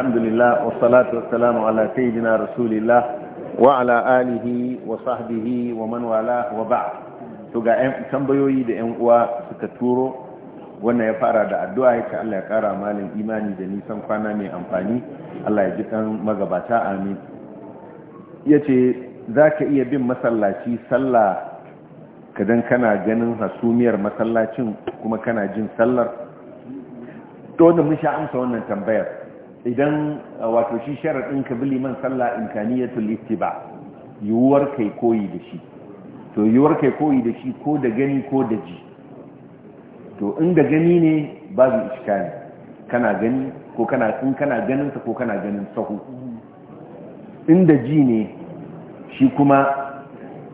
الحمد لله والصلاة والسلام على سيدنا رسول الله وعلى آله وصحبه ومن والاه وبعد tuga ƴan tambayoyi da yan uwa suka turo wannan ya fara da addu'a yake Allah ya kara malam imani da nisan kwana mai amfani Allah ya ji kan magabata amin yace zaka iya bin masallaci sallah kadan kana ganin hasumiyar masallacin kuma kana jin sallar to da mun sha amsa wannan tambayar idan wato shi sharaɗin ka bili man sallah imkaniyatul ittiba yiwuwar kai koyi da shi to yiwuwar kai koyi da shi ko da gani ko da ji to inda gani ne babu iskani kana gani ko kana in kana ganin sa ko kana ganin sahu inda ji ne shi kuma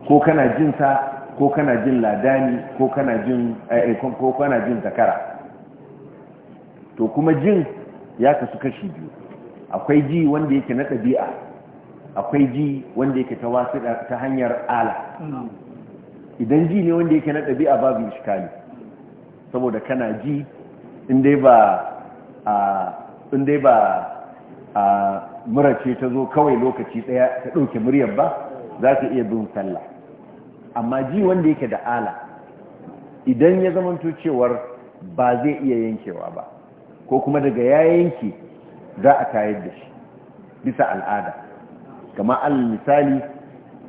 ko kana jin sa ko kana jin ladani ko kana jin eh, ko kana jin zakara to kuma jin ya kasu kashi biyu akwai ji wanda yake na ɗabi'a akwai ji wanda yake ta wasu ta hanyar ala idan ji ne wanda yake na ɗabi'a babu iskali saboda kana ji inda ba a ba murace ta zo kawai lokaci ɗaya ta ɗauke muryar ba za ta iya bin sallah amma ji wanda yake da ala idan ya zamanto cewar ba zai iya yankewa ba ko kuma daga ya za a tayar da shi bisa al'ada kama al misali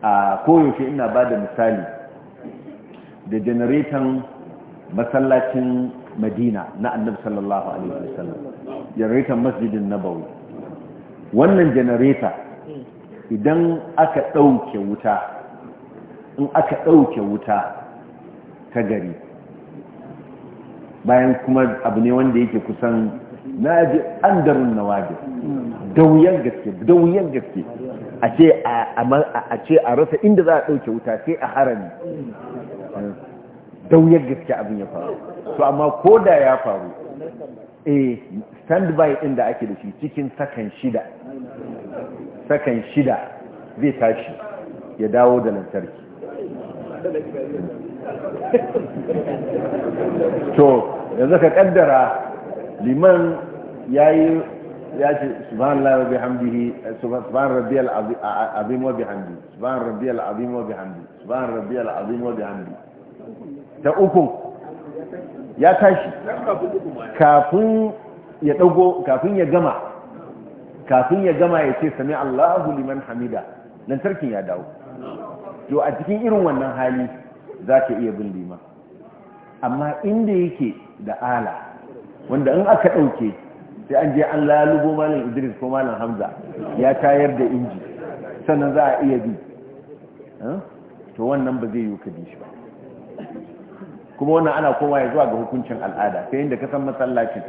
a koyaushe ina ba da misali da janaratan masallacin madina na annabi sallallahu alaihi wasallam janaratan masjidin nabawi wannan janareta idan aka ɗauke wuta in aka ɗauke wuta ta gari bayan kuma abu ne wanda yake kusan na ji an darun na waje da gaske da gaske a ce a rasa inda za a ɗauke wuta sai a harami da gaske abin ya faru to amma ko da ya faru eh by ɗin da ake da shi cikin sakan shida sakan shida zai tashi ya dawo da lantarki to yanzu ka kaddara liman ya yi ya ce subhanallah wa bihamdihi subhan rabbiyal azim wa subhan wa subhan wa ta uku ya tashi kafin ya dago kafin ya gama kafin ya gama ya ce sami Allahu liman hamida nan ya dawo to a cikin irin wannan hali za ka iya bin amma inda yake da ala wanda in aka ɗauke sai an je an lalubo malam idris ko malam hamza ya tayar da inji sannan za a iya bi to wannan ba zai yi ka bi shi ba kuma wannan ana kowa ya zuwa ga hukuncin al'ada sai inda ka san masallacin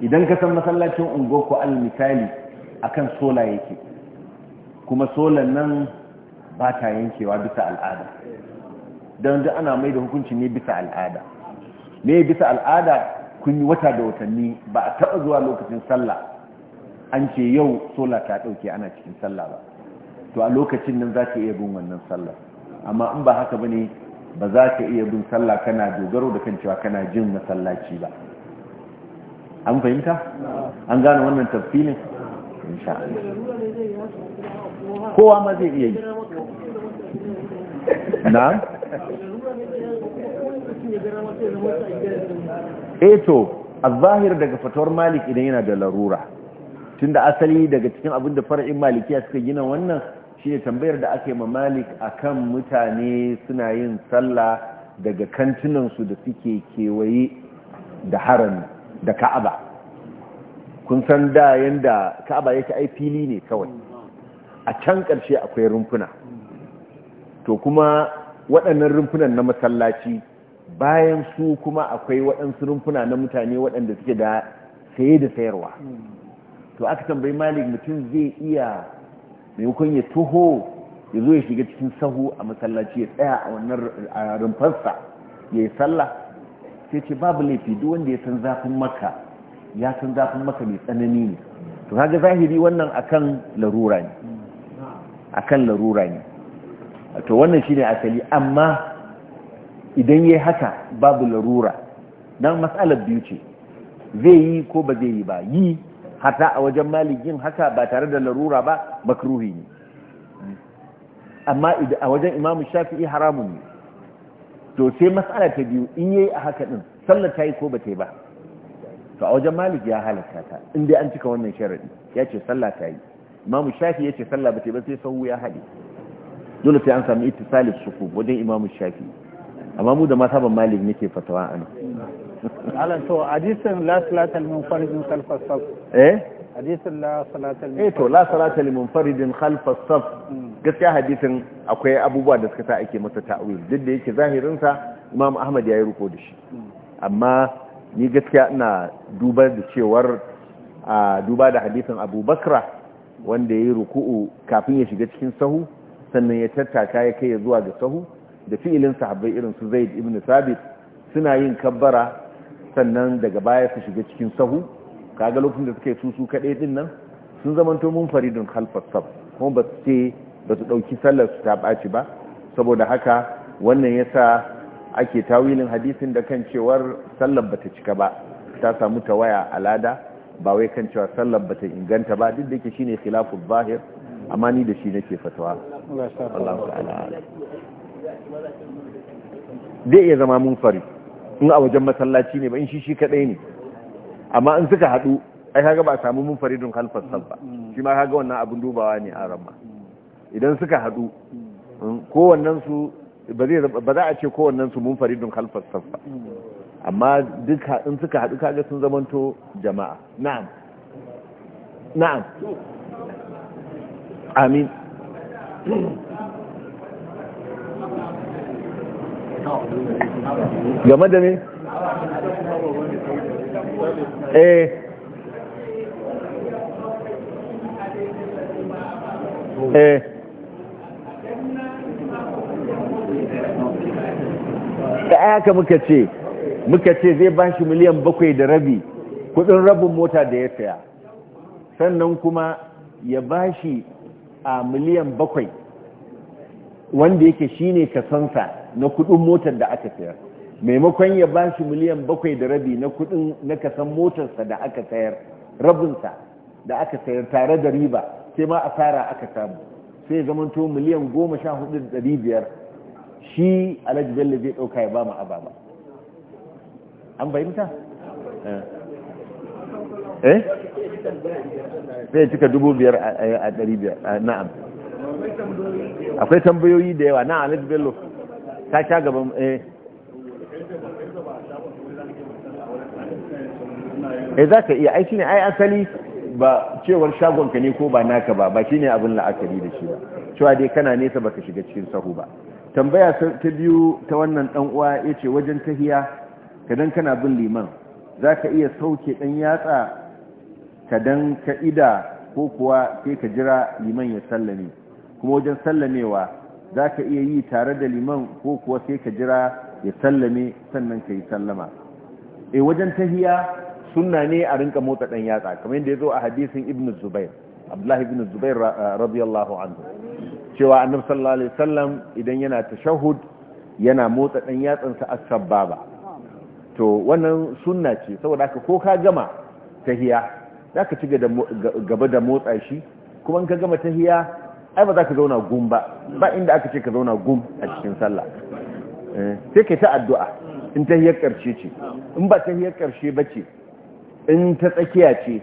idan ka san masallacin ko al-misali akan sola yake kuma solan nan ba ta yankewa bisa al'ada don duk ana mai da hukunci ne bisa al'ada me bisa al'ada kun yi wata da watanni ba a taɓa zuwa lokacin sallah an ce yau sola ta ɗauke ana cikin sallah ba to a lokacin nan za ka iya bin wannan sallah amma in ba haka ba ne ba za ka iya bin sallah kana dogaro da kan cewa kana jin masallaci ba an fahimta an gane wannan tafsilin insha Allah kowa ma zai iya yi na eto eh a zahir daga fatawar malik idan yana da larura tun da asali daga cikin abin da fara'in malikiya suka gina wannan shi ne tambayar da aka yi ma malik akan mutane suna yin sallah daga kantinansu da suke kewaye da haram da ka'aba kun san da yadda ka'aba yake ai fili ne kawai a can karshe akwai rumfuna to kuma waɗannan rumfunan na masallaci bayan su kuma akwai waɗansu rumfuna na mutane waɗanda suke da saye da sayarwa to aka tambayi malik mutum zai iya maimakon ya tuho ya zo ya shiga cikin sahu a masallaci ya tsaya a wannan rumfarsa ya yi sallah sai ce babu laifi duk wanda ya san zafin maka ya san zafin maka mai tsanani ne to kaga zahiri wannan akan larura ne akan larura ne to wannan shine asali amma idan yayi haka babu larura dan mas'alar biyu ce zai yi ko ba zai yi ba yi hata a wajen malikin haka ba tare da larura ba makruhi ne amma a wajen imamu shafi'i haramun ne to sai matsala ta biyu in yayi a haka din sallar ta yi ko ba ta yi ba to a wajen malik ya halatta ta in dai an cika wannan sharadi ya ce sallah ta yi imamu shafi ya ce sallah ba ta yi ba sai sahu ya haɗe dole sai an samu ittisalin suku wajen imamu shafi'i amma mu da masaban malik muke fatawa a nan to hadisin la salatal munfaridin khalfas eh hadisin la salatal eh to la khalfas saf mm. gaskiya hadisin akwai abubuwa da suka sa ake masa ta'wil duk da yake zahirinsa sa imam ahmad ya yi ruko da shi mm. amma ni gaskiya ina duba da cewar a duba da hadisin abubakra wanda ya yi ruku'u kafin ya shiga cikin sahu sannan ya tattaka ya kai zuwa ga sahu da fi'ilin sahabbai irin su zaid ibn sabit suna yin kabbara sannan daga baya su shiga cikin sahu kaga lokacin da suke yi su kaɗai din nan sun zamanto mun faridun khalfas sab kuma ba su ce ba su ɗauki sallar su ta ba saboda haka wannan yasa ake tawilin hadisin da kan cewar sallar ba ta cika ba ta samu tawaya a lada ba wai kan cewa sallar ba ta inganta ba duk da yake shine khilafu zahir amma ni da shi nake fatawa Allah zai iya zama mun fari in a wajen masallaci ne ba in shi shi kadai ne amma in suka hadu ai kaga ba a samu mun don khalfas salfa shi ma kaga wannan abin dubawa ne a ramma idan suka hadu wannan su ba za a ce wannan su don khalfas salfa amma duk in suka hadu kaga sun zamanto jama'a na'am na'am amin game da ne eh eh ta aka muka ce muka ce zai ba shi miliyan bakwai da rabi kudin rabin mota da ya saya sannan kuma ya ba shi a miliyan bakwai wanda yake shine kasansa na kudin motar da aka sayar maimakon ya ba shi miliyan bakwai da rabi na kudin na kasan motarsa da aka sayar rabinsa da aka sayar tare da riba sai ma asara aka samu sai zamanto miliyan goma sha hudu da dari biyar shi alhaji bello zai ɗauka ya ba mu ababa an fahimta eh zai eh? cika dubu biyar a dari biyar na'am akwai tambayoyi da yawa na alhaji bello ta sha gaban eh, eh za ka iya aiki ne ai asali ba cewar shagonka ne ko ba naka ba ba ne abin la'akari da shi ba cewa dai kana nesa baka shiga cikin sahu ba tambaya ta biyu ta wannan dan uwa yace wajen tahiya kadan kana bin liman zaka iya sauke dan yatsa kadan ka ida ko kuwa sai ka jira liman ya sallame kuma wajen sallamewa za ka iya yi tare da liman ko kuwa sai ka jira ya sallame sannan ka yi sallama e wajen tahiya sunna ne a rinka motsa ɗan yatsa kamar yadda ya zo a hadisin ibn zubair abdullahi ibn zubair radiyallahu anhu cewa annabi sallallahu alaihi wasallam idan yana tashahhud yana motsa ɗan yatsansa as-sababa to wannan sunna ce saboda haka ko ka gama tahiya zaka ci gaba da motsa shi kuma in ka gama tahiya ai ba za ka zauna gum ba ba inda aka ce ka zauna gum a cikin sallah eh, sai ka ta addu'a in ta hiyar karshe ce in ba ta hiyar karshe ba ce in ta tsakiya ce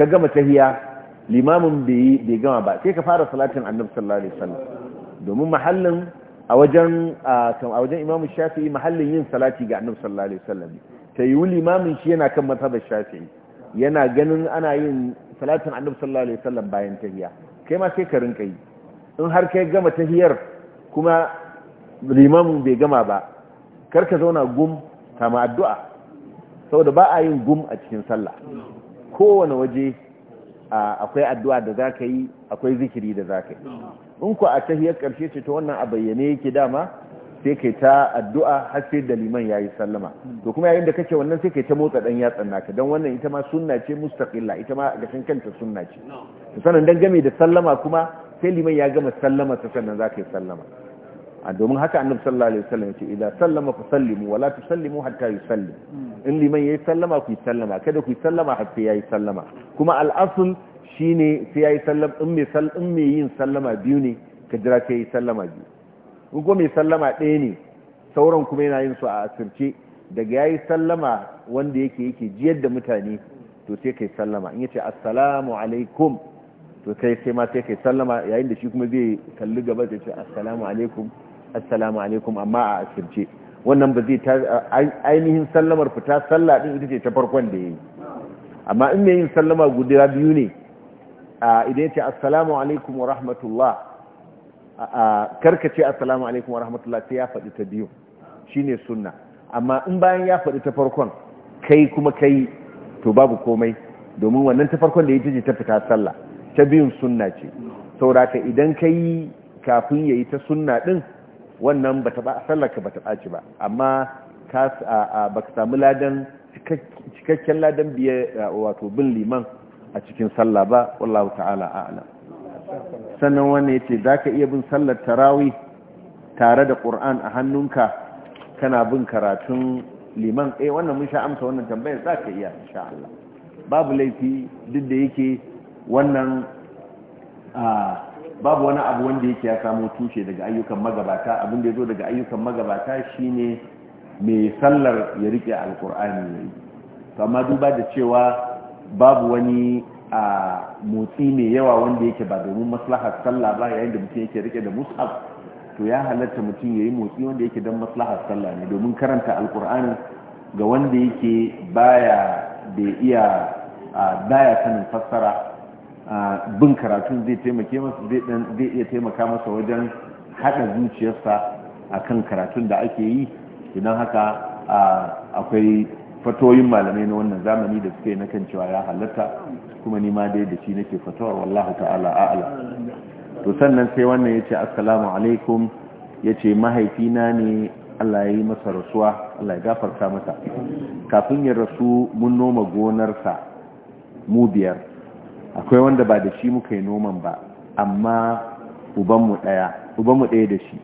ka gama ta hiya limamin bai gama ba sai ka fara salatin annab sallallahu alaihi domin mahallin a wajen a wajen imamu shafi'i mahallin yin salati ga annab sallallahu alaihi ta yi limamin shi yana kan da shafi'i yana ganin ana yin salatin annab sallallahu alaihi wasallam bayan tahiya kai ma sai ka rinka yi in har kai gama tahiyar kuma limamin bai gama ba kar ka zauna gum kama addu'a saboda ba a yin gum a cikin sallah kowane waje akwai addu'a da za ka yi akwai zikiri da za ka yi in ku a tahiyar ƙarshe ce ta wannan a bayyane yake dama sai kai ta addu'a har sai da liman yayi sallama to kuma yayin da kake wannan sai kai ta motsa dan yatsan naka dan wannan ita ma sunna ce mustaqilla ita ma ga kanta sunna ce to sanan dan game da sallama kuma sai liman ya gama sallama ta sannan zaka yi sallama a domin haka annabi sallallahu alaihi wasallam ce idan sallama fa sallimu wala tusallimu hatta yusallim hmm. in liman yayi sallama ku sallama kada ku sallama har sai yayi sallama kuma al-asl shine sai yayi sallama in mai yin sallama biyu ne ka jira sai yayi sallama biyu ko mai sallama ɗaya ne sauran kuma yana yin su a asirce daga yayi sallama wanda yake yake jiyar da mutane to sai kai sallama in yace assalamu alaikum to kai sai ma sai kai sallama yayin da shi kuma zai kalli gaba da ce assalamu alaikum assalamu alaikum amma a asirce wannan ba zai ainihin sallamar fita sallah din ita ce ta farkon da yayi amma in mai yin sallama guda biyu ne idan yace assalamu alaikum wa rahmatullah karkace assalamu alaikum wa rahmatullah sai ya faɗi ta biyu shine sunna amma in bayan ya faɗi ta farkon kai kuma kai to babu komai domin wannan ta farkon da ya jiji ta fita sallah ta biyun sunna ce sauraka idan kai kafin yayi ta sunna din wannan bata ba ta bata ɓaci ba amma ka sami samu ladan cikakken ladan biye wato bin liman a cikin sallah ba wallahu ta'ala a'lam sannan wannan yace zaka iya bin sallar tarawi tare da Qur'an a hannunka kana bin karatun liman eh wannan mun sha amsa wannan tambayar za ka iya insha Allah babu laifi duk da yake wannan babu wani abu wanda yake ya samo tushe daga ayyukan magabata abin ya zo daga ayyukan magabata shine mai sallar ya rike alkur'ani ne amma duba da cewa babu wani a motsi mai yawa wanda yake ba domin maslahar sallah ba yayin da mutum yake rike da mushaf to ya halatta mutum yayi motsi wanda yake don maslahar sallah ne domin karanta alkur'ani ga wanda yake baya da iya baya sanin fassara bin karatun zai taimake masa zai iya taimaka masa wajen haɗa zuciyarsa akan karatun da ake yi idan haka akwai fatoyin malamai na wannan zamani da suke na kan cewa ya halatta kuma ni ma dai da shi nake fatawa wallahu ta'ala a'ala to sannan sai wannan ya ce assalamu alaikum ya ce mahaifina ne Allah ya yi masa rasuwa Allah ya gafarta masa kafin ya rasu mun noma gonarsa mu biyar akwai wanda ba da shi muka yi noman ba amma ubanmu ɗaya ubanmu ɗaya da shi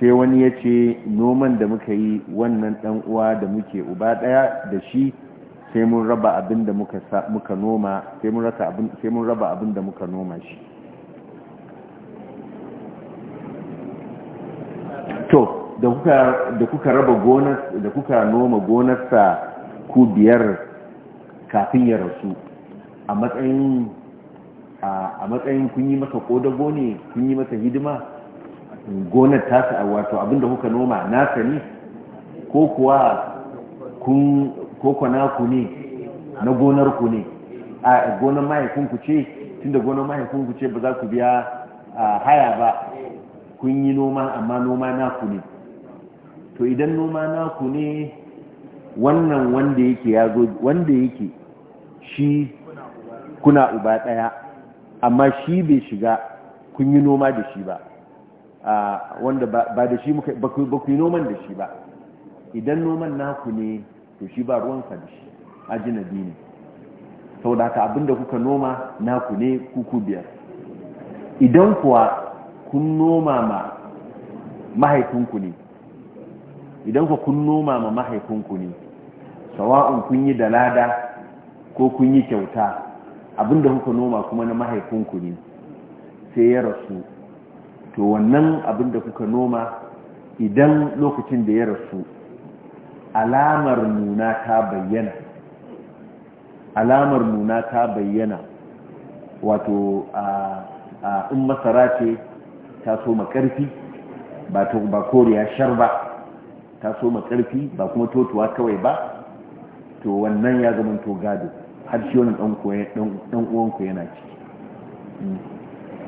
sai wani ya ce noman da muka yi wannan dan uwa da muke uba daya da shi sai mun raba abin da muka noma sai mun raba abin da muka noma shi to da kuka raba gonar da kuka noma gonarsa ku biyar kafin ya rasu a matsayin kun yi masa kodago ne kun yi masa hidima gonar tasu a wato abinda kuka noma nasa ne ko kuwa kun koko naku ne na gonar ku ne a gonar mahaifinku ce tunda gonar mahaifinku ce ba za ku biya haya ba kun yi noma amma noma naku ne to idan noma naku ne wannan wanda yake ya zo wanda yake shi kuna uba ɗaya amma shi bai shiga kun yi noma da shi ba wanda ba da shi ba ku yi noman da shi ba idan noman naku ne to shi ba ruwansa da shi ajinabi ne sau da ka abinda kuka noma naku ne kuku biyar idan kuwa kun noma ma mahaifinku ne idan kuwa kun noma ma mahaifinku ne sawa'un kun yi dalada ko kun yi kyauta abinda kuka noma kuma na mahaifinku ne sai ya rasu to wannan abin da kuka noma idan lokacin da ya rasu alamar nuna ta bayyana alamar nuna ta bayyana wato a in masara ce ta so makarfi ba to ba koriya shar ba ta so makarfi ba kuma totuwa kawai ba to wannan ya zama to gado har shi wani ɗan uwanku yana ciki hmm.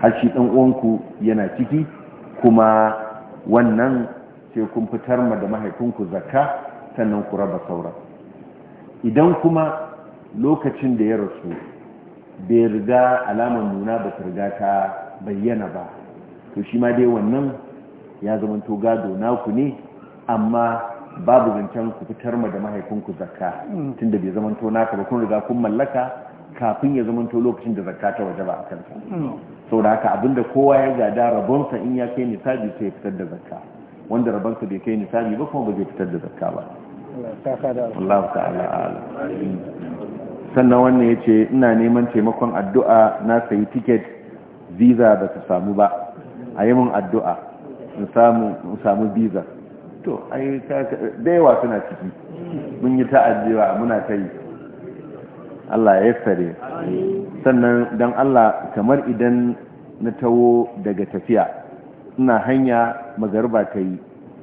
har shi ɗan uwanku yana ciki kuma wannan sai kun fitar ma da mahaifinku zakka sannan ku raba sauran idan kuma lokacin da ya rasu bai riga alamar nuna ba ta riga ta bayyana ba to shi ma dai wannan ya zamanto gado naku ne amma babu zancen ku fitar ma da mahaifinku zakka hmm. tunda bai zamanto naka ba kun riga kun mallaka kafin ya zamanto lokacin da zakka ta waje ba a kansa hmm. saboda haka abinda kowa ya gada rabonsa in ya kai nisabi sai ya fitar da zakka wanda rabonsa bai kai nisabi ba kuma ba zai fitar da zakka ba Allah ta ala sannan wannan ya ce ina neman taimakon addu'a na sayi tiket visa ba ta samu ba a yi mun addu'a in samu visa to ai da yawa suna ciki mun yi ta'ajewa muna ta yi Allah ya sare, sannan don Allah kamar idan na tawo daga tafiya ina hanya magarba ta yi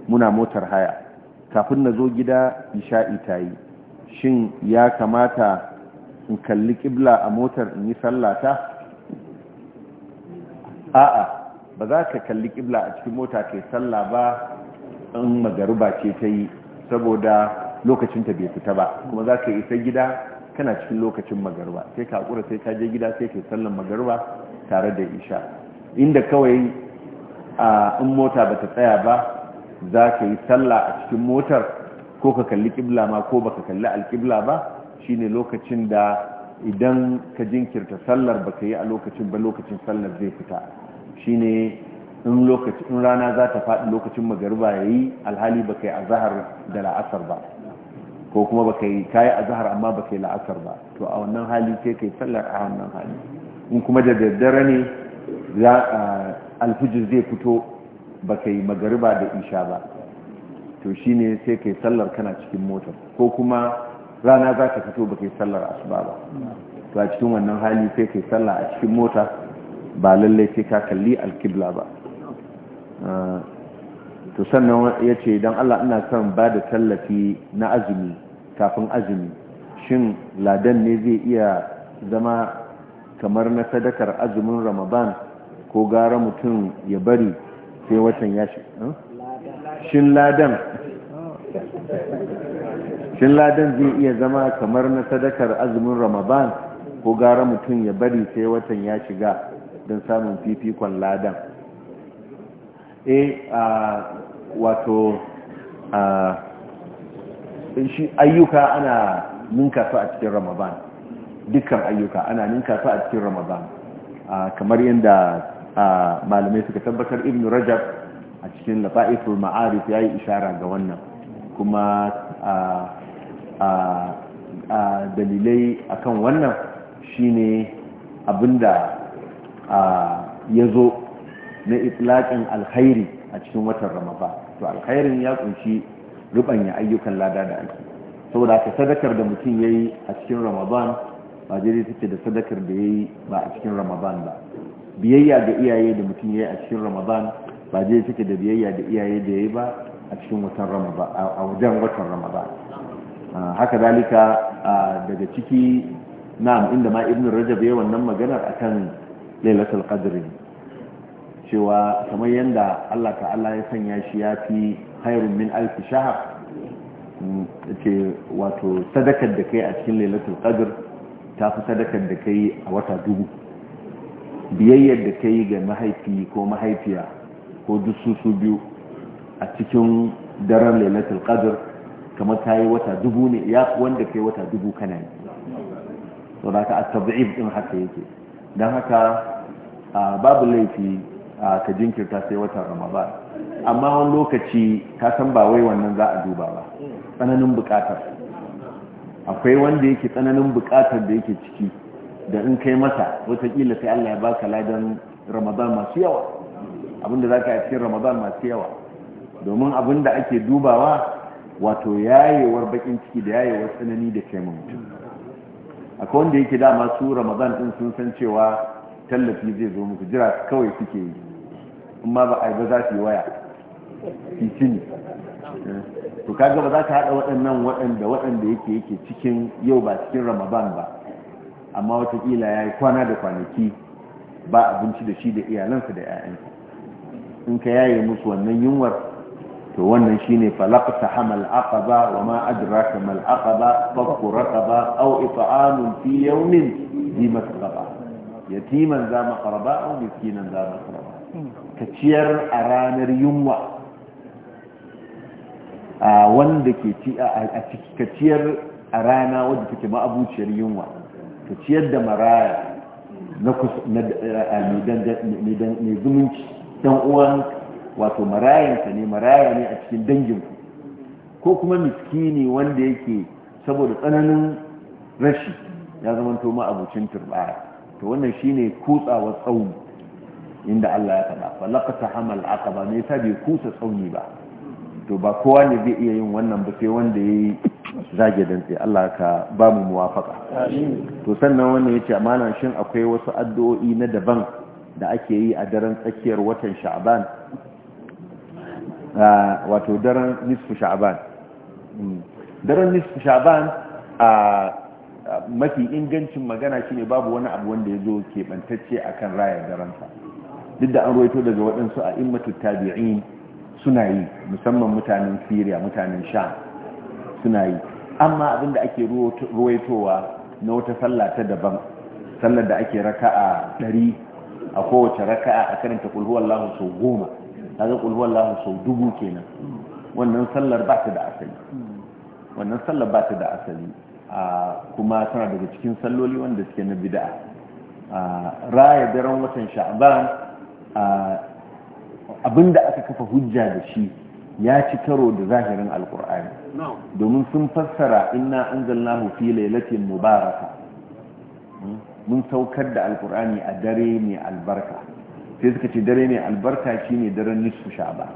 muna motar haya kafin na zo gida isha'i ta yi shin ya kamata in kalli kibla a motar in yi sallata a'a ba za ka kalli kibla a cikin mota kai sallah ba in magarba ce ta yi saboda lokacinta bai fita ba kuma za ka isa gida kana cikin lokacin magarba sai ka hakura sai ka je gida sai ka sallan magarba tare da isha inda kawai a in mota ba ta tsaya ba za ka yi sallah a cikin motar ko ka kalli kibla ma ko baka kalli alkibla ba shine lokacin da idan ka jinkirta sallar baka yi a lokacin ba lokacin sallar zai fita shine in rana za ta faɗi lokacin magarba yayi alhali baka yi zahar da la'asar ba ko kuma ba ka yi kayi zahar amma ka yi la'asar ba to a wannan hali sai kai sallar a wannan hali in kuma da daddare ne za a alfijir zai fito ka yi magariba da isha ba to shine sai kai sallar kana cikin motar ko kuma rana za ka fito ka yi sallar asuba ba to a cikin wannan hali sai kai sallar a cikin mota ba lallai sai ka kalli alkibla ba ah, to sannan ya ce don Allah ina kan ba da tallafi na azumi kafin azumi shin ladan ne zai iya zama kamar na sadakar azumin ramadan ko gara mutum ya bari sai watan ya shi shin ladan shin ladan zai iya zama kamar na sadakar azumin ramadan ko gara mutum ya bari sai watan ya shiga don samun fifikon ladan eh wato ayyuka ana ninka su a cikin ramadan dukkan ayyuka ana ninka su a cikin ramadan kamar yadda malamai suka tabbatar ibn rajab a cikin lafa'isul ma'arif ya yi ishara ga wannan kuma a dalilai akan wannan shine abinda ya zo na itlaqin alkhairi a cikin watan ramadan to alkhairin ya kunshi rubanya ayyukan lada da ake saboda ka sadakar da mutum yayi a cikin ramadan ba jiri take da sadakar da yi ba a cikin ramadan ba biyayya ga iyaye da mutum yi a cikin ramadan ba jiri take da biyayya da iyaye da yi ba a cikin watan ramadan a wajen watan ramadan haka dalika daga ciki na'am inda ma ibnu rajab yayi wannan maganar akan lailatul qadr cewa kamar yadda Allah ta'ala ya sanya shi ya fi hairun min alfi shahar mm, ce wato sadakar da kai a cikin lalatar qadr ta fi sadakar da kai a wata dubu biyayyar da kai ga mahaifi ko mahaifiya ko duk biyu a cikin daren lalatar qadr kamar ta yi wata dubu ne ya wanda kai wata dubu kana yi saboda ka a tabib din haka yake don haka babu laifi ka jinkirta sai watan ramadan amma wani lokaci ka san ba wai wannan za a duba ba tsananin bukatar akwai wanda yake tsananin bukatar da yake ciki da in kai masa watakila sai Allah ya baka ladan ramadan masu yawa abinda za ka yi cikin ramadan masu yawa domin abinda ake dubawa wato yayewar bakin ciki da yayewar tsanani da kai mutum akwai wanda yake dama su ramadan din sun san cewa tallafi zai zo muku jira kawai suke yi in ba a ba za su yi waya su ne eh, to kaga ba za ka haɗa waɗannan waɗanda waɗanda yake yake cikin yau ba cikin ramadan ba amma watakila ya yi kwana da kwanaki ba abinci da shi da iyalansa da 'ya'yansa in ka yaye musu wannan yunwar to wannan shine falaqta hamal aqaba wa ma adraka mal aqaba fakku raqaba aw it'amun fi yawmin bi masqab yatiman za makaraba a miskinan za makaraba ka ciyar a ranar yunwa a wanda ke ci a ka ciyar a rana wadda take ma'abuciyar yunwa ka ciyar da maraya na mai zumunci dan uwan wato marayanka ne maraya ne a cikin danginku ko kuma miskini wanda yake saboda tsananin rashi ya zama to ma'abucin turbaya to wannan shine kutsawa tsauni inda Allah ya faɗa laqata hamal aqaba ne ta bi kusa tsauni ba to ba kowa ne zai iya yin wannan ba sai wanda yayi zage dantse Allah ka ba mu muwafaka to sannan wannan yace amana shin akwai wasu addu'o'i na daban da ake yi a daren tsakiyar watan sha'ban ah, wato daren nisfu sha'ban hmm. daren nisfu sha'ban a ah, mafi ingancin magana shine babu wani abu wanda ya zo keɓantacce a kan raya ransa. duk da an roito daga waɗansu a immatu tabi'in suna yi musamman mutanen syria mutanen sha suna yi amma abin da ake ruwaitowa na wata sallah ta daban sallar da ake raka a ɗari a kowace raka a karanta kulhuwallahu sau goma kaga kulhuwallahu sau dubu kenan wannan sallar ba wannan sallar ba ta da asali kuma tana daga cikin salloli wanda suke na bid'a raya daren watan sha'ban abinda aka kafa hujja da shi ya ci karo da zahirin alkur'ani domin sun fassara inna anzalnahu fi lailatin mubaraka hmm? mun saukar da alkur'ani a dare mai albarka sai suka ce dare mai albarka shine daren nisfu sha'ban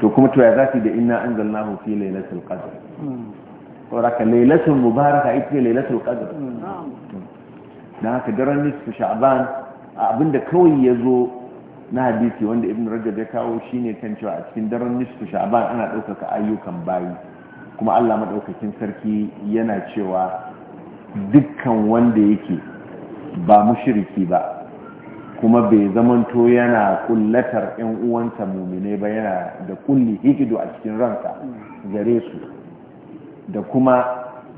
to kuma to ya zafi da inna anzalnahu fi lailatul qadr hmm. sauraka lailatul mubaraka ita ne lailatul qadr da haka daren nisfu sha'ban abinda kawai ya zo na hadisi wanda ibn rajab ya kawo shine kan cewa a cikin daren nisfu sha'ban ana ɗaukaka ayyukan bayi kuma Allah madaukakin sarki yana cewa dukkan wanda yake ba mushriki ba kuma bai zamanto yana kullatar 'yan uwansa mumine ba yana da kulli hikido a cikin ranka gare su da kuma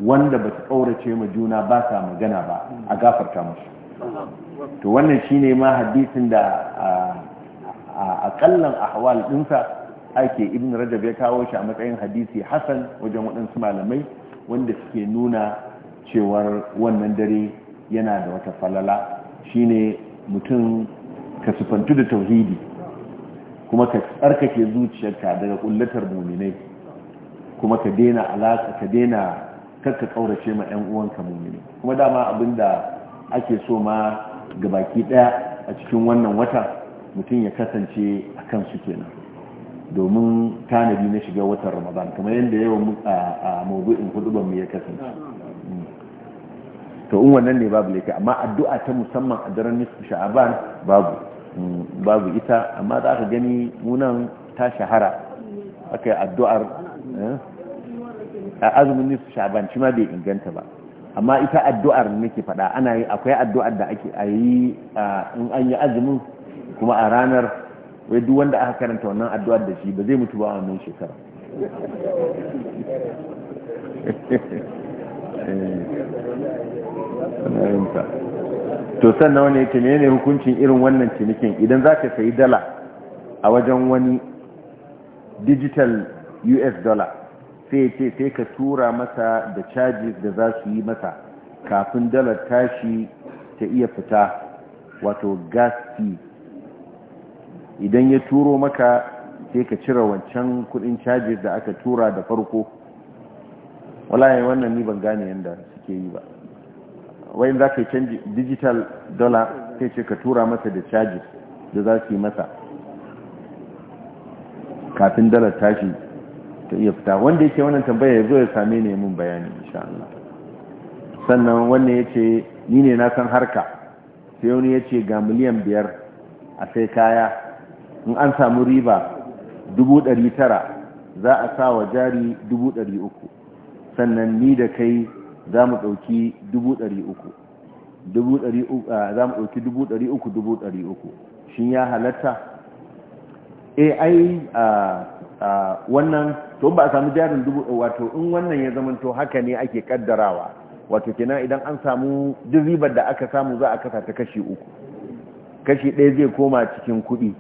wanda ba su ƙaurace ma juna ba sa magana ba a gafarta musu to wannan shine ma hadisin da a a ahwal dinsa ake ibn rajab ya kawo shi a matsayin hadisi Hassan wajen waɗansu malamai wanda suke nuna cewar wannan dare yana da wata falala shine mutum ka sufantu da tauhidi kuma ka tsarkake zuciyarka daga ƙullatar muminai kuma ka daina alaƙa ka daina karka ƙaurace ma yan uwanka mummuni kuma dama abinda ake so ma ga baki ɗaya a cikin wannan wata mutum ya kasance a kan su kenan domin tanadi na shiga watan ramadan kamar yadda yawan a mawudu'in hudubanmu ya kasance mm. to in wannan ne babu laifi amma addu'a ta musamman a daren nisfi sha'aban babu mm, babu ita amma za ka gani munan ta shahara aka yi addu'ar Eh? a azumin nisa sha'ban shi ma bai inganta ba amma ita addu'ar nake faɗa ana yi akwai addu'ar da ake a yi in an yi azumin kuma a ranar wai duk wanda aka karanta wannan addu'ar da shi ba zai mutu ba a wannan shekara to sannan wani yake ne hukuncin irin wannan cinikin idan za ka sayi dala a wajen wani digital us dollar sai ce sai ka tura masa da charges da za su yi masa kafin dalar tashi ta iya fita wato gas fee idan ya turo maka sai ka cire wancan kudin charges da aka tura da farko wallahi wannan ni ban gane yadda suke yi ba wayan za ka yi canji digital dollar sai ce ka tura masa da charges da za su yi masa kafin dalar tashi ta iya fita wanda yake wannan tambaya ya zo ya same ne mun bayani insha Allah sannan wannan yace ni ne na san harka sai wani yace ga miliyan biyar a sai kaya in an samu riba dubu ɗari tara za a sa wa jari dubu ɗari uku sannan ni da kai za mu ɗauki dubu ɗari uku za mu ɗauki dubu ɗari uku dubu ɗari uku shi ya halatta eh, ai a wannan to ba a samu jarin dubu wato in wannan ya to haka ne ake kaddarawa wato kenan idan an samu duk ribar da aka samu za a kasa ta kashi uku kashi ɗaya zai koma cikin kuɗi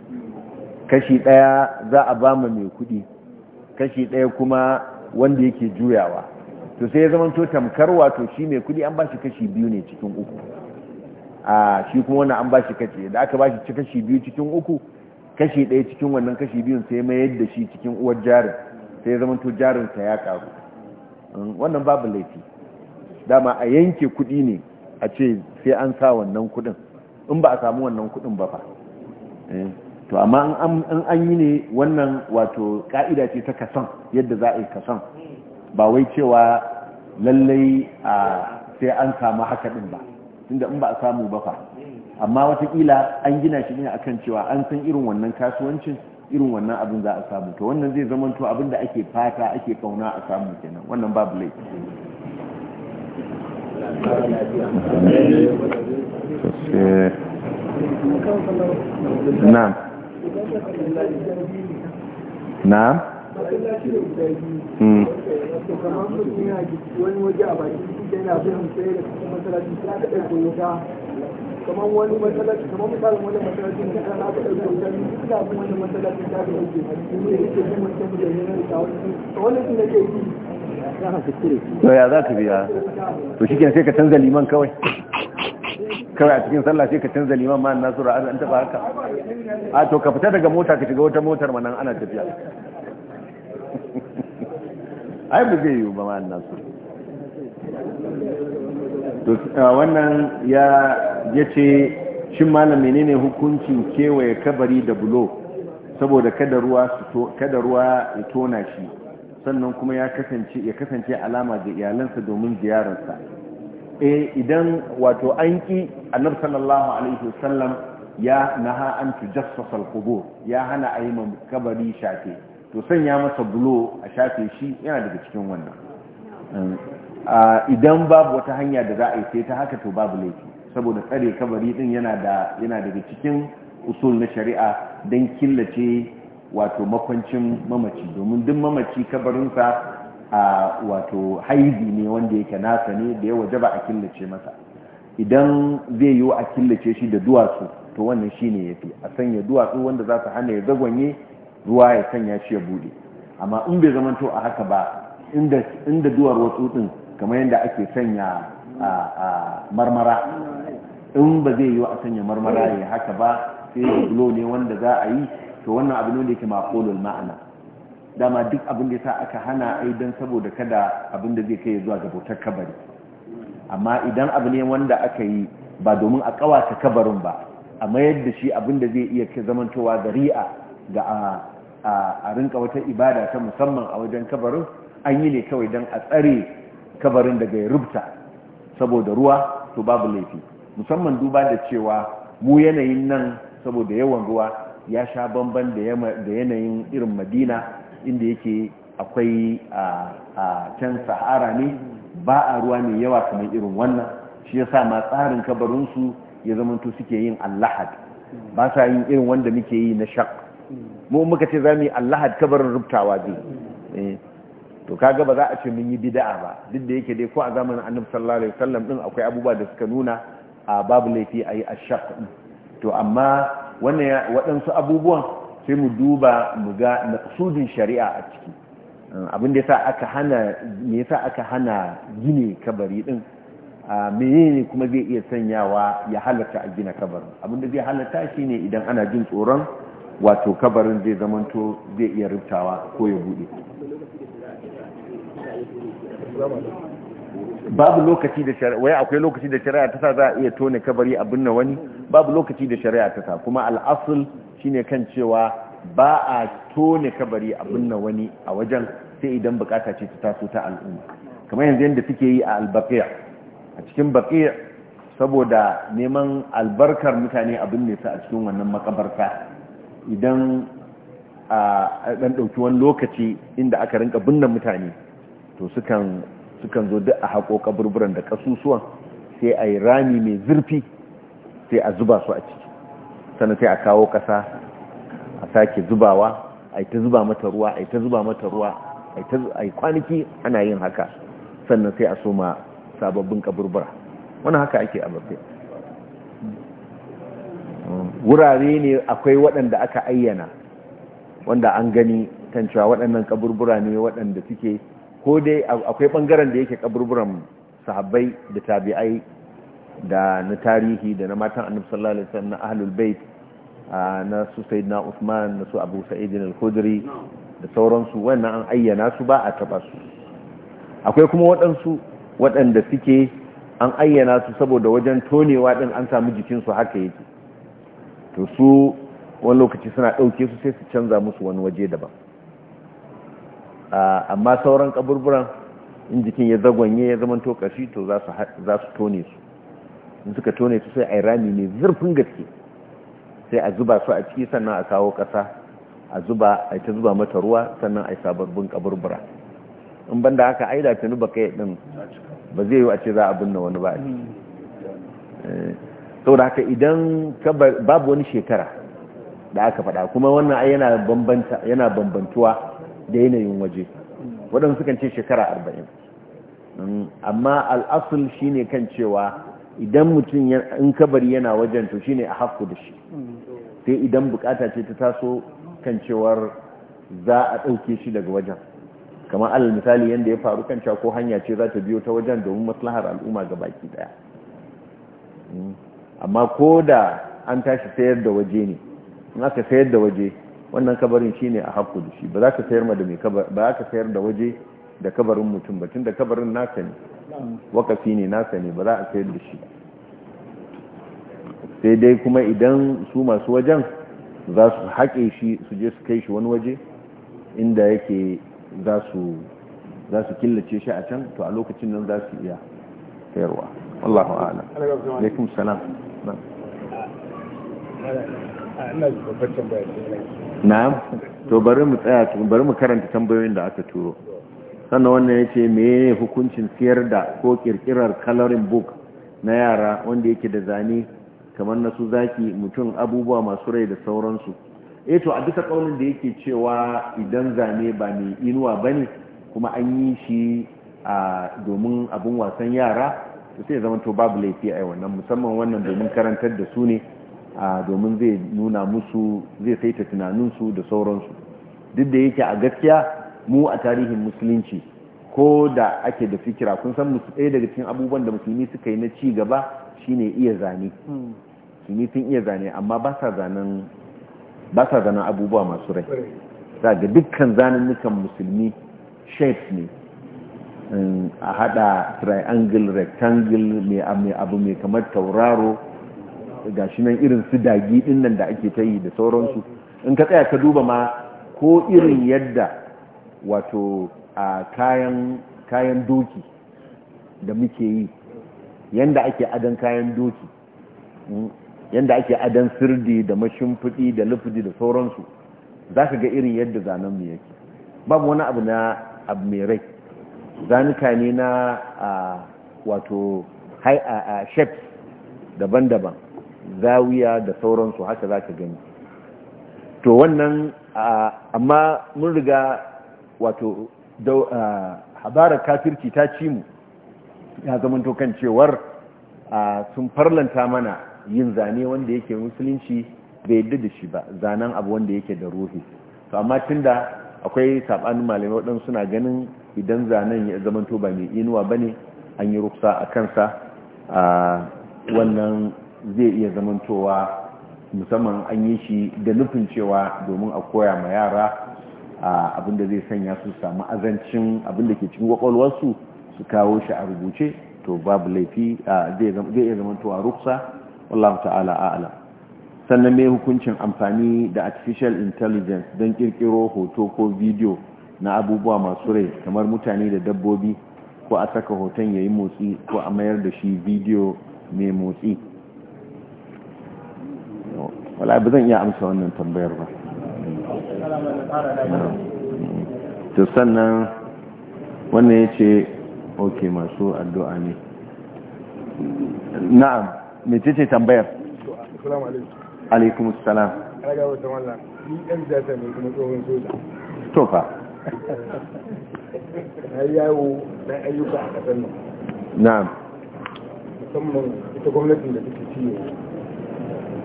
kashi ɗaya za a ba mu mai kuɗi kashi ɗaya kuma wanda yake juyawa to sai ya to tamkar wato shi mai kuɗi an ba shi kashi biyu ne cikin uku a shi kuma wannan an ba shi kashi da aka ba shi kashi biyu cikin uku kashi ɗaya cikin wannan kashi biyun sai mayar da shi cikin uwar jarin sai ya zamanto jarinsa ya karu mm, wannan babu laifi dama a yanke kudi ne a ce sai an sa wannan kudin in ba a samu wannan kudin ba fa eh, to amma in an yi ne wannan wato ka'ida ce ta kasan yadda za a yi kasan ba wai cewa lallai a sai an samu haka din ba tunda in ba a samu ba fa amma watakila an gina shi ne akan cewa an san irin wannan kasuwancin irin wannan abin za a samu to wannan zai zama to abin da ake fata ake kauna a samu kenan wannan babu laifi na'am na'am wani a yana kamar wani matsalaci kamar misalin wani matsalaci ne kan haka da wuta ne duk da wani matsalaci ta da yake ne ne yake kuma ta da ne da ta wani wani shi ke yi to ya za ka biya to shi sai ka canza liman kawai kawai a cikin sallah sai ka canza liman ma na sura an taba haka a to ka fita daga mota ka shiga wata motar manan ana tafiya ai ba zai yiwu ba ma'an nasu to wannan ya ya ce shi malam ne hukuncin kewaye kabari da bulo saboda kada ruwa ya tona shi sannan kuma ya kasance alama ga iyalansa domin ziyararsa eh idan wato an ki annabi sallallahu alaihi wasallam ya naha an tujassas al-qubur ya hana a yi kabari shafe to sanya masa bulo a shafe shi yana daga cikin wannan eh, idan babu wata hanya da za a yi sai ta haka to babu laifi saboda tsare kabari din yana da yana daga cikin usul na shari'a don killace wato makwancin mamaci domin duk mamaci kabarinsa a wato haizi ne wanda yake nasa ne da ya jaba a killace masa idan zai yiwu a killace shi da duwatsu to wannan shi ne ya fi a sanya duwatsu wanda za su hana ya zagwanye ruwa ya sanya shi ya bude amma in bai zamanto a haka ba inda duwar wasu din kamar yadda ake sanya a marmara in ba zai yi wa a sanya marmara ya haka ba sai da bulo ne wanda za a yi to wannan abu ne da yake makonul ma'ana dama duk abin da ya sa aka hana ai don saboda kada abin da zai kai zuwa ga kabari amma idan abu ne wanda aka yi ba domin a kawata kabarin ba a mayar da shi abin da zai iya zamantowa gari'a ri'a ga a rinka wata ibada ta musamman a wajen kabarin an yi ne kawai don a tsare kabarin daga ya rubta saboda ruwa to babu laifi musamman duba da cewa mu yanayin nan saboda yawan ruwa ya sha bamban da yanayin irin madina inda yake akwai a can sahara ne ba a ruwa mai yawa kamar irin wannan shi ya sa ma tsarin kabarinsu ya zamanto suke yin allahad ba sa yin irin wanda muke yi na shak mu muka ce za mu yi allahad kabarin rubtawa zai eh, to kaga ba za a ce mun yi bid'a ba duk da yake dai ko a zamanin annabi sallallahu alaihi wasallam din akwai abubuwa da suka nuna a babu laifi ayi ashaq to amma wannan waɗansu abubuwan sai mu duba mu ga maqsudin shari'a a ciki abin da yasa aka hana me yasa aka hana gine kabari din menene kuma zai iya sanyawa ya halatta a gina kabarin abin da zai halatta shine idan ana jin tsoron wato kabarin zai zamanto zai iya rubtawa ko ya bude babu lokaci da shari'a wai akwai lokaci da shari'a ta sa za a iya tone kabari abin na wani babu lokaci da shari'a ta sa kuma al'asul shine kan cewa ba a tone kabari abin na wani a wajen sai idan bukata ce ta taso ta al'umma kamar yanzu yadda suke yi a albaqi' a cikin baqi' saboda neman albarkar mutane abin ne su a cikin wannan makabarta idan a dan dauki wani lokaci inda aka rinka binne mutane to sukan sukan zo duk a haƙo kaburburan da kasusuwan sai a yi rami mai zurfi sai a zuba su a ciki sannan sai a kawo ƙasa a sake zubawa a ta zuba mata ruwa a ta zuba mata ruwa a yi kwanaki ana yin haka sannan sai a soma sababbin kaburbura wani haka ake a mafi wurare ne akwai waɗanda aka ayyana wanda an gani kan cewa waɗannan kaburbura ne waɗanda suke ko dai akwai bangaren da yake kaburburan sahabbai da tabi'ai da na tarihi da na matan annabi sallallahu alaihi wasallam na ahlul bait na su sayyidina Usman na su Abu Sa'id al-Khudri da sauransu wannan an ayyana su ba a taba su akwai kuma waɗansu waɗanda suke an ayyana su saboda wajen tonewa din an samu jikin su haka yake to su wani lokaci suna ɗauke su sai su canza musu wani waje daban amma sauran kaburburan in jikin ya zagwanye ya zama to kashi to za su tone su in suka tone su sai a rami ne zurfin gaske sai a zuba su a ciki sannan a kawo kasa a zuba a ta zuba mata ruwa sannan a yi sababbin kaburbura in banda haka ai da tuni baka yi din ba zai yi a ce za a binne wani ba eh, da haka idan babu wani shekara da aka faɗa kuma wannan ai yana bambantuwa da yanayin waje waɗansu kan ce shekara arba'in amma al'asul shi ne kan cewa idan mutum in kabari yana wajen to shi ne a haku da shi sai idan bukata ce ta taso kan cewar za a ɗauke shi daga wajen kamar alal misali yadda ya faru kan ko hanya ce za ta biyo ta wajen domin maslahar al'umma ga baki daya amma ko da an tashi sayar da waje ne in aka sayar da waje wannan kabarin shine a haƙƙo da shi ba za ka sayar da waje da kabarin mutum ba tunda kabarin nasa ne wakafi ne nasa ne ba za a sayar da shi sai dai kuma idan su masu wajen za su haƙe shi su je su kai shi wani waje inda yake za su killace shi a can to a lokacin nan za su iya sayarwa Allahu a'lam alaikum salam na'am to bari mu tsaya bari mu karanta tambayoyin da aka turo sannan wannan yace meye hukuncin siyar da ko kirkirar coloring book na yara wanda yake da zane kamar na su zaki mutum abubuwa masu rai da sauransu eh to a duka kaunin da yake cewa idan zane ba mai inuwa bane kuma an yi shi a domin abun wasan yara to sai zama to babu laifi a wannan musamman wannan domin karantar da su ne domin zai nuna musu zai saita tunaninsu da sauransu duk da yake a gaskiya mu a tarihin musulunci ko da ake da fikira kun san musu ɗaya daga cikin abubuwan da musulmi suka yi na ci gaba shine iya zane hmm. musulmi sun iya zane amma ba sa zanen abubuwa masu rai za ga dukkan zanen nukan musulmi shapes ne hmm, a hada triangle rectangle mai abu mai kamar tauraro gashi nan irin su dagi din nan da ake ta yi da sauransu in ka tsaya ka duba ma ko irin yadda wato a kayan kayan doki da muke yi yadda ake adan kayan doki hmm, yadda ake adan sirdi da mashimfiɗi da lufudi da sauransu za ka ga irin yadda zanen mu yake babu wani abu na abu mai rai zanuka ne na wato shapes daban-daban zawiya da sauransu haka za ka gani to wannan amma mun riga wato habarar kafirci ta ci mu ya zamanto kan cewar sun farlanta mana yin zane wanda yake musulunci bai yadda da shi ba zanen abu wanda yake da ruhi to amma tunda akwai saɓanin malamai waɗansu suna ganin idan zanen ya zamanto ba mai inuwa ba ne an yi ruksa a kansa wannan zai iya zamantowa musamman an yi shi da nufin cewa domin a koya ma yara abinda zai sanya su samu azancin abinda ke cikin kwakwalwarsu su kawo shi a rubuce to babu laifi zai iya zamantowa ruksa wallahu ta'ala ala sannan mai hukuncin amfani da artificial intelligence don kirkiro hoto ko bidiyo na abubuwa masu rai kamar mutane da dabbobi ko a saka hoton ya yi motsi ko a mayar da shi bidiyo mai motsi wala ba zan iya amsa wannan tambayar ba to sannan wannan ya ce ok masu addu'a ne na'am mai ce tambayar alaikum salam to fa na yawo na ayyuka a ƙasar nan na'am musamman ita gwamnatin da take ciye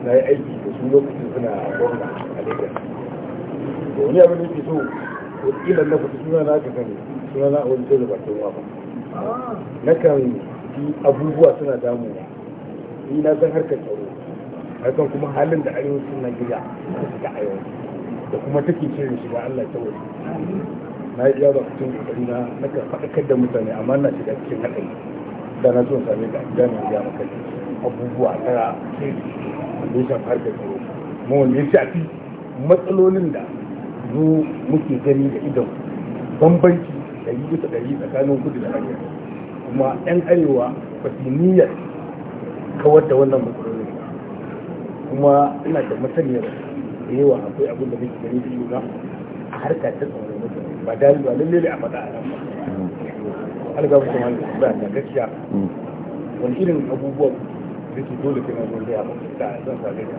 na yi aiki da su lokacin suna gwamna a lagos da wani abin da ke so wakilan na fata suna na ne suna na wani sai da bakin wafa na kan fi abubuwa suna damuwa ni na san harkar tsaro harkar kuma halin da suna gida da suka ayo da kuma take cire shiga allah ta wuri na yi yawon cikin kokari na na kan faɗakar da mutane amma na shiga cikin haɗari da na son sami da gane ya maka abubuwa tara sai solution harkar tsaro ma wanda ya shafi matsalolin da mu muke gani da idan bambanci yi bisa dari tsakanin kudu da arewa kuma yan arewa ba su niyyar kawar da wannan matsalolin kuma ina da masaniyar da yawa akwai abin da muke gani da juna a harka ta tsaro ba da ba lalle a faɗa a nan ba alga mutum ba ta gaskiya mm. wani irin abubuwa yake dole kina zo da ba da zan sare da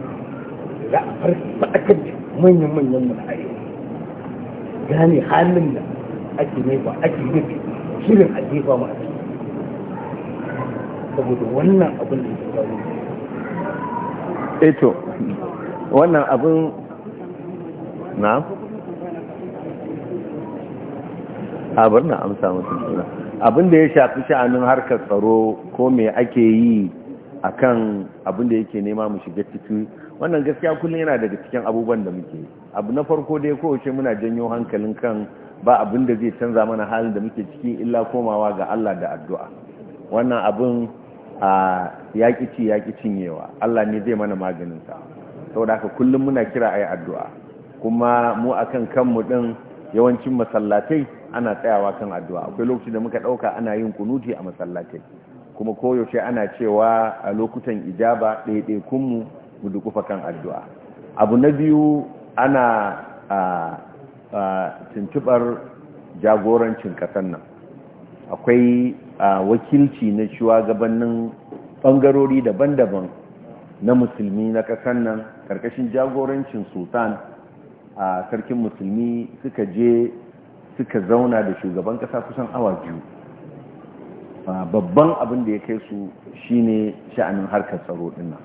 za a far fadakar da manyan manyan mu na arewa gane halin da ake ne ba ake nufi shirin a ma a ciki saboda wannan abin da yake faru eto eh wannan abin na abin na amsa mutum abin da ya shafi sha'anin harkar tsaro ko me ake yi akan abin da yake nema mu shiga ciki wannan gaskiya kullum yana daga cikin abubuwan da muke abu na farko dai kowace muna janyo hankalin kan ba abin da zai canza mana halin da muke ciki illa komawa ga Allah da addu'a wannan abun a yaƙi ci yaƙi cinyewa Allah ne zai mana maganin sa saboda haka kullum muna kira ayi addu'a kuma mu akan kanmu din yawancin masallatai ana tsayawa kan addu'a akwai lokaci da muka ɗauka ana yin kunuti a masallatai kuma koyaushe ana cewa a lokutan ijaba kunmu mu dukufa kan addu'a abu na biyu ana tuntubar jagorancin ƙasar nan akwai wakilci na shugabannin ɓangarori daban-daban na musulmi na ƙasar nan ƙarƙashin jagorancin sultan a sarkin musulmi suka je suka zauna da shugaban ƙasa kusan awa biyu babban abin da ya kai su shine sha'anin harkar tsaro dinna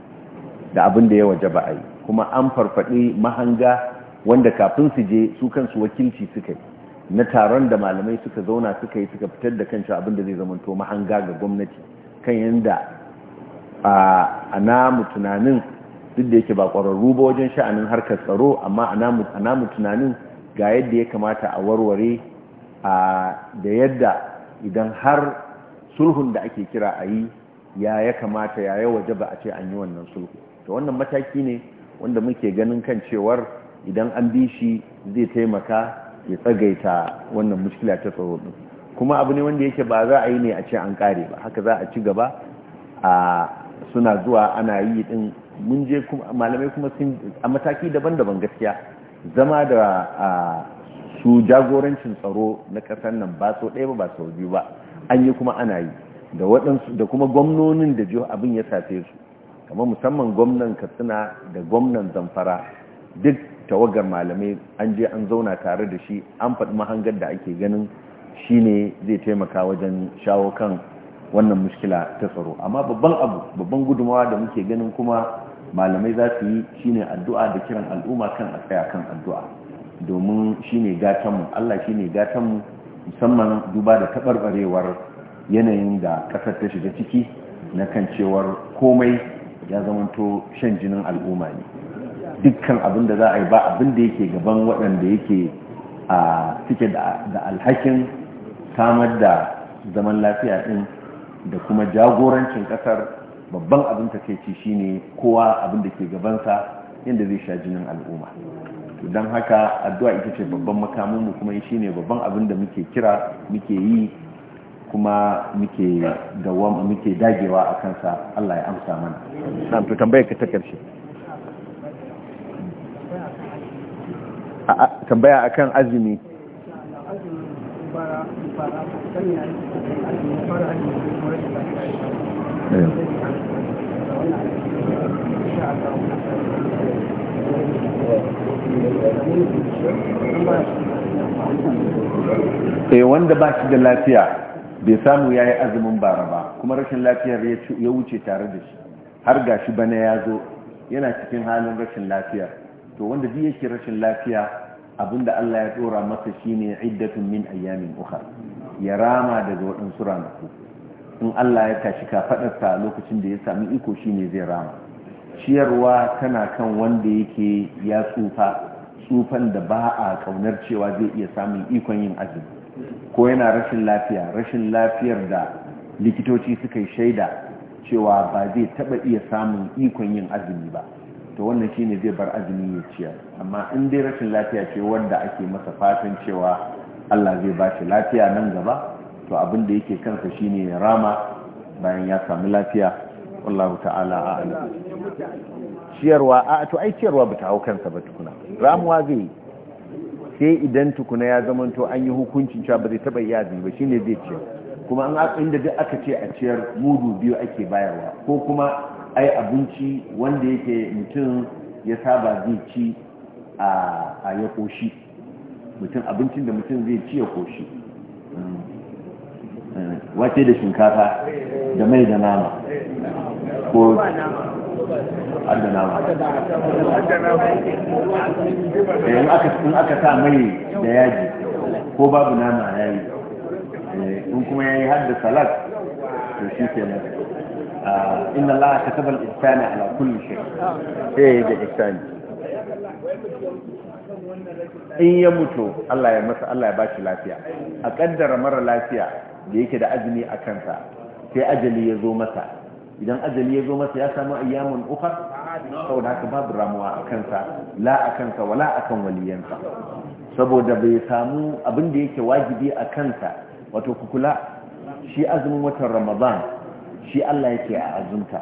da abin da ya waje ba a yi kuma an farfaɗe mahanga wanda kafin su je su kansu wakilci suka yi na taron da malamai suka zauna suka yi suka fitar da kanci abin da zai zamanto mahanga ga gwamnati kan yadda a namu tunanin duk da yake ba ƙwararru ba wajen sha'anin harkar tsaro amma a namu tunanin ga yadda ya kamata a warware da yadda idan har sulhun da ake kira a yi ya ya kamata ya ya waje ba a ce an yi wannan sulhu to wannan mataki ne wanda muke ganin kan cewar idan an bi shi zai taimaka ya tsagaita wannan mushkila ta tsaro din kuma abu ne wanda yake ba za a yi ne a ce an kare ba haka za a ci gaba a suna zuwa ana yi din mun je malamai kuma sun a mataki daban-daban gaskiya zama da su jagorancin tsaro na kasar nan ba so ɗaya ba ba so biyu ba an yi kuma ana yi da kuma gwamnonin da jiho abin ya safe su kamar musamman gwamnan katsina da gwamnan zamfara duk tawagar malamai an je an zauna tare da shi an faɗi mahangar da ake ganin shi ne zai taimaka wajen shawo kan wannan mushkila ta tsaro amma babban abu babban gudumawa da muke ganin kuma malamai za su yi shi ne addu'a da kiran al'umma kan a tsaya kan addu'a domin shi ne gatanmu Allah shi ne gatanmu musamman duba da taɓarɓarewar yanayin da ƙasar ta shiga ciki na kan cewar komai ya zamanto shan jinin al'umma ne dukkan abin da za a yi ba abin da yake gaban waɗanda yake a cike da alhakin samar da zaman lafiya ɗin da kuma jagorancin ƙasar babban abin ta kai ci shine kowa abin da ke gabansa yadda zai sha jinin al'umma don haka addu'a ita ce babban mu kuma shi ne babban abin da muke kira muke yi kuma muke dawam muke dagewa a kansa Allah ya amsa mana na to tambayar ka ta karshe tambaya a kan azumi Yeah. eh wanda ba shi da lafiya bai samu ya yi azumin bara ba kuma rashin lafiyar ya wuce tare da shi har ga shi bana ya zo yana cikin halin rashin lafiyar to wanda biya ke rashin lafiya abinda Allah ya tsora masa shine iddatun min ayyamin ukhra ya rama daga waɗansu ranaku in Allah ya tashi ka lokacin da ya sami iko shi ne zai rama ciyarwa tana kan wanda yake ya tsufa tsufan da ba a kaunar cewa zai iya samun ikon yin azumi ko yana rashin lafiya rashin lafiyar da likitoci suka yi shaida cewa ba zai taba iya samun ikon yin azumi ba to wannan shine zai bar azumi ya ciyar amma in dai rashin lafiya ce wanda ake masa fatan cewa Allah zai ba shi lafiya nan gaba to abin da yake kansa shine ya rama bayan ya samu lafiya Allah ta'ala ala ciyarwa a to ai ciyarwa bata hau kansa ba tukuna ramuwa zai sai idan tukuna ya zamanto an yi hukuncin cewa ba zai taba yazi ba shi ne zai ciyar kuma an inda duk aka ce a ciyar mudu biyu ake bayarwa ko kuma ai abinci wanda yake mutum ya saba zai ci a ya koshi mutum abincin da mutum zai ci ya koshi hmm. eh, wace da shinkafa da mai da nama ko adda nama eh, in aka in aka sa mai da yaji ko babu nama ya yi. Eh, in kuma ya yayi hadda salat to shi ke nan ah, inna allaha kataba al-ihsana ala kulli shay eh da ihsani in ya mutu Allah ya masa Allah ya ba shi lafiya a kaddara mara lafiya da yake da azumi a kansa sai ajali ya zo masa idan ajali ya zo masa ya samu ayyamun ukhar saboda haka babu ramuwa a kansa la a kansa wala a kan waliyansa saboda bai samu abin da yake wajibi a kansa wato kukula shi azumin watan ramadan shi Allah yake a azumta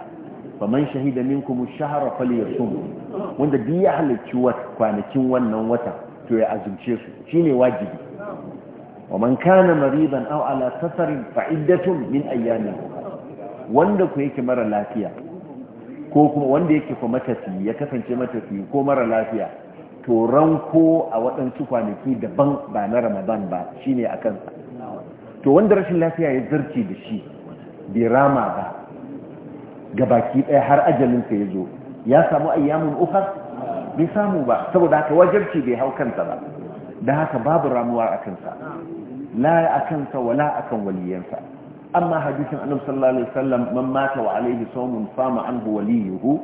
man shahida minkum ash-shahra falyasum wanda duk ya halarci kwanakin wannan wata to ya azumce su shine wajibi wa man kana maridan aw ala safarin fa iddatun min ayyamin wanda ku yake mara lafiya ko kuma wanda yake ku matafi ya kasance matafi ko mara lafiya to ranko a waɗansu kwanaki daban ba na ramadan ba shine a kansa to wanda rashin lafiya ya zarce da shi bai rama ba ga baki ɗaya har ajalinsa ya zo ya samu ayyamun ufa? bai samu ba saboda haka wajarci bai hau kansa ba da haka babu ramuwa a kansa la a kansa wala akan waliyansa amma hadisin annabi sallallahu alaihi wasallam man mata wa alaihi sawmun anhu waliyuhu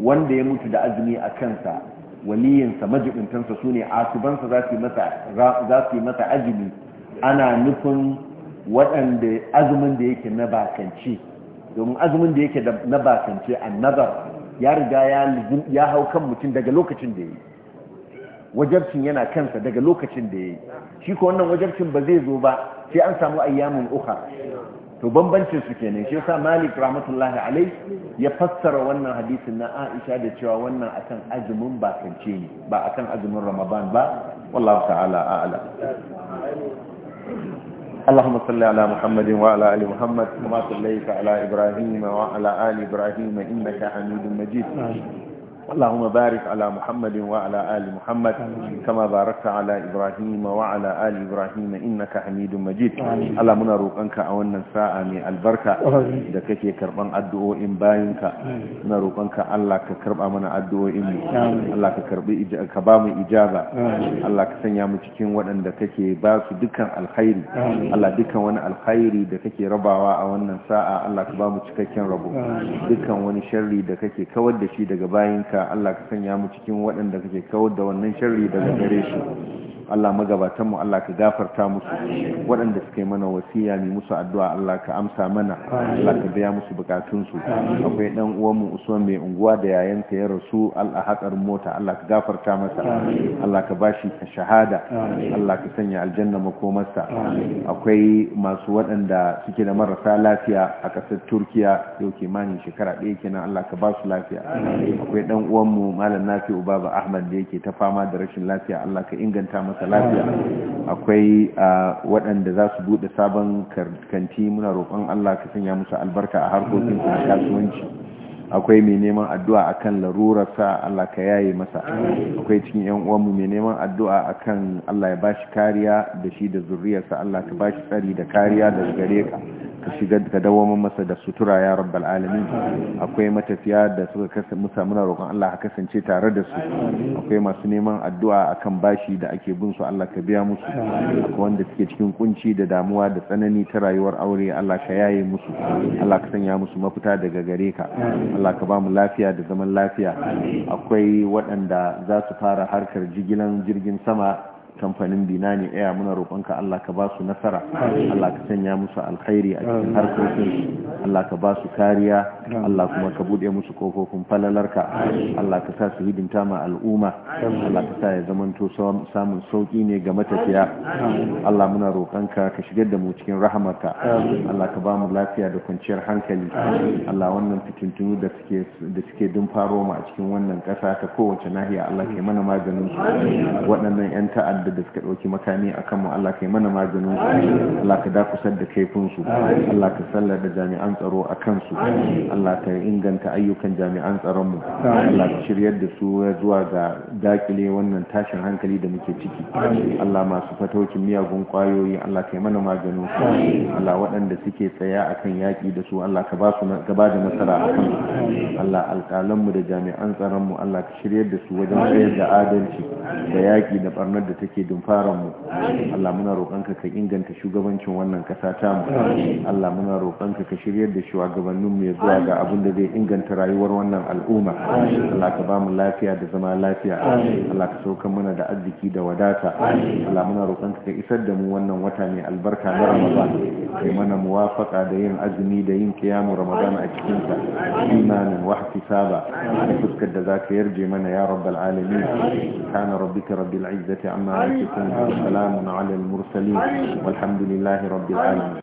wanda ya mutu da azumi a kansa waliyinsa majibintansa sune ne asubansa za su yi masa azumi ana nufin waɗanda azumin da yake na domin azumin da yake na bakance nazar ya riga ya hau kan mutum daga lokacin da ya yi wajabcin yana kansa daga lokacin da ya yi shi ko wannan wajabcin ba zai zo ba sai an samu ayyamin uka to bambancin su kenan shi yasa Malik rahmatullahi alaihi ya fassara wannan hadisin na Aisha da cewa wannan akan azumin ba kance ne ba akan azumin Ramadan ba wallahu ta'ala a'lam اللهم صل على محمد وعلى ال محمد كما صليت على ابراهيم وعلى ال ابراهيم انك حميد مجيد اللهم بارك على محمد وعلى آل محمد كما باركت على إبراهيم وعلى آل إبراهيم إنك حميد مجيد اللهم نروقنك أولا ساعة من البركة دكتي كربان أدعو إن باينك نروقنك الله كرب أمنا أدعو إن الله كرب كبام إجابة الله كسنيا متكين وأن دكتي باس دكا الخير الله دكا وأنا الخير دكتي ربعوا أولا ساعة الله كبام متكين ربو دكا وأنا شري دكتي كود شي دكا باينك Allah ka sanya mu cikin waɗanda kake kawar da wannan sharri daga gare shi Allah magabatan mu Allah ka gafarta musu waɗanda suka mana wasiya ne musu addu'a Allah ka amsa mana Allah ka biya musu bukatun su akwai dan uwan mu Usman mai unguwa da yayansa ya rasu Allah hakar mota Allah ka gafarta masa Allah ka bashi ka shahada Allah ka sanya aljanna makomarsa akwai masu waɗanda suke da marasa lafiya a ƙasar Turkiya yau kimanin shekara ɗaya kenan Allah ka ba lafiya akwai dan uwan mu Malam Nafi Ubaba Ahmad da yake ta fama da rashin lafiya Allah ka inganta masa sa lafiya akwai waɗanda za su buɗe sabon kanti muna roƙon Allah ka sanya musu albarka a harkokin su kasuwanci akwai mai neman addu'a akan larurarsa Allah ka yaye masa akwai cikin yan uwan mu mai neman addu'a akan Allah ya bashi kariya da shi da zuriyarsa Allah ka ba shi tsari da kariya da gare ka ka shiga ka dawo masa da sutura ya rabbal alamin akwai matafiya da suka kasance mu roƙon Allah a kasance tare da su akwai masu neman addu'a akan bashi da ake bin su Allah ka biya musu akwai wanda suke cikin kunci da damuwa da tsanani ta rayuwar aure Allah ka yaye musu Allah ka sanya musu mafita daga gare ka Allah ka ba mu lafiya da zaman lafiya akwai waɗanda za su fara harkar jigilan jirgin sama kamfanin binani aya eh, muna roƙonka Allah ka ba su nasara Allah ka sanya musu alkhairi a cikin harkokin Allah ka ba su kariya Allah kuma ka bude musu kofofin falalarka Allah ka sa su hidimta ma al'umma Allah ka sa ya zamanto samun sauki ne ga matafiya Allah muna roƙonka ka shigar da mu cikin rahamarka Allah ka ba mu lafiya da kwanciyar hankali Allah wannan fitintunu da suke da suke dun faro mu a cikin wannan ƙasa ta kowace nahiya Allah ka yi mana maganin su waɗannan 'yan ta'adda ta'adda da suka ɗauki makami a kanmu Allah ka yi mana maganin su Allah ka dakusar da kaifinsu Allah ka sallar da jami'an tsaro a kansu Allah ka inganta ayyukan jami'an tsaronmu Allah ka shiryar da su zuwa ga dakile wannan tashin hankali da muke ciki Allah masu fataucin miyagun kwayoyi Allah ka yi mana maganin su Allah waɗanda suke tsaya akan yaƙi da su Allah ka ba su gaba da nasara a kansu Allah alƙalanmu da jami'an tsaronmu Allah ka shiryar da su wajen tsayar da adalci da yaƙi da ɓarnar da take suke dumfaran mu Allah muna roƙonka ka inganta shugabancin wannan ƙasa tamu mu Allah muna roƙonka ka shiryar da shugabannin mu ya zuwa ga abin da zai inganta rayuwar wannan al'umma Allah ka ba mu lafiya da zama lafiya Allah ka sauka mana da arziki da wadata Allah muna roƙonka ka isar da mu wannan wata mai albarka na Ramadan kai mana muwafaka da yin azumi da yin kiyamu Ramadan a cikin sa imanin wa ihtisaba da fuskar da zaka yarje mana ya rabbal alamin subhana rabbika rabbil izzati amma وبركاته وسلام على المرسلين والحمد لله رب العالمين